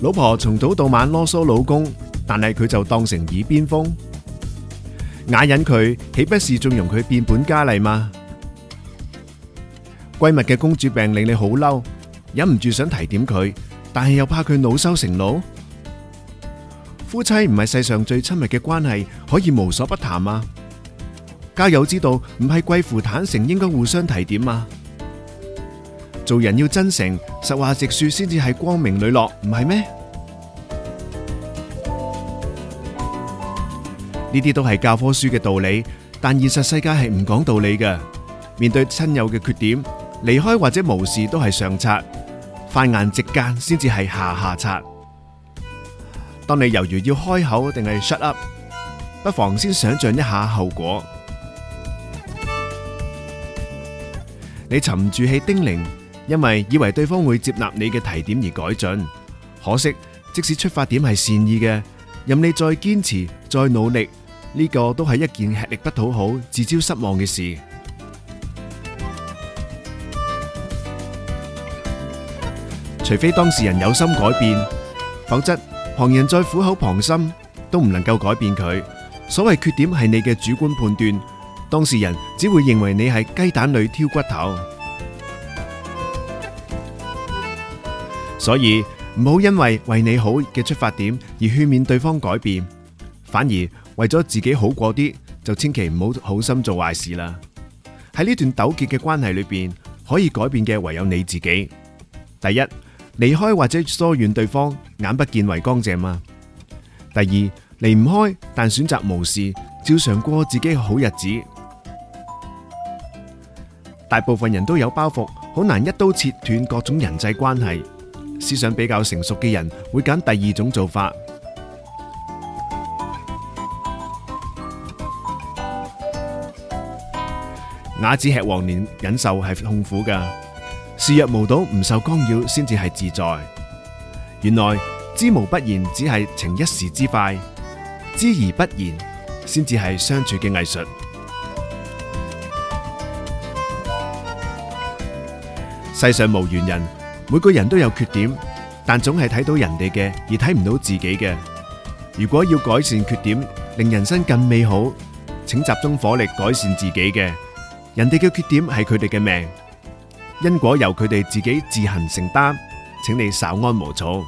老婆從早到晚囉嗦老公，但係佢就當成耳邊風，啞忍佢豈不是縱容佢變本加厲嘛？閨蜜嘅公主病令你好嬲，忍唔住想提點佢，但係又怕佢惱羞成怒。夫妻唔係世上最親密嘅關係，可以無所不談啊！交友之道唔係貴乎坦誠，應該互相提點啊！做人要真誠，實話直說先至係光明磊落，唔係咩？呢啲都係教科書嘅道理，但現實世界係唔講道理嘅。面對親友嘅缺點，離開或者無視都係上策，犯顏直諫先至係下下策。當你猶豫要開口，定係 shut up，不妨先想象一下後果。你沉住氣叮嚀，因為以為對方會接納你嘅提點而改進。可惜，即使出發點係善意嘅，任你再堅持、再努力。呢個都係一件吃力不討好、自招失望嘅事。除非當事人有心改變，否則旁人再苦口婆心都唔能夠改變佢。所謂缺點係你嘅主觀判斷，當事人只會認為你係雞蛋裏挑骨頭。所以唔好因為為你好嘅出發點而勸勉對方改變。反而為咗自己好過啲，就千祈唔好好心做壞事啦。喺呢段糾結嘅關係裏邊，可以改變嘅唯有你自己。第一，離開或者疏遠對方，眼不見為乾淨嘛。第二，離唔開但選擇無視，照常過自己好日子。大部分人都有包袱，好難一刀切斷各種人際關係。思想比較成熟嘅人會揀第二種做法。啞子吃黃連，忍受係痛苦噶。視若無睹，唔受干擾，先至係自在。原來知無不言，只係逞一時之快；知而不言，先至係相處嘅藝術。世上無完人，每個人都有缺點，但總係睇到人哋嘅，而睇唔到自己嘅。如果要改善缺點，令人生更美好，請集中火力改善自己嘅。人哋嘅缺點係佢哋嘅命，因果由佢哋自己自行承擔，請你稍安毋躁。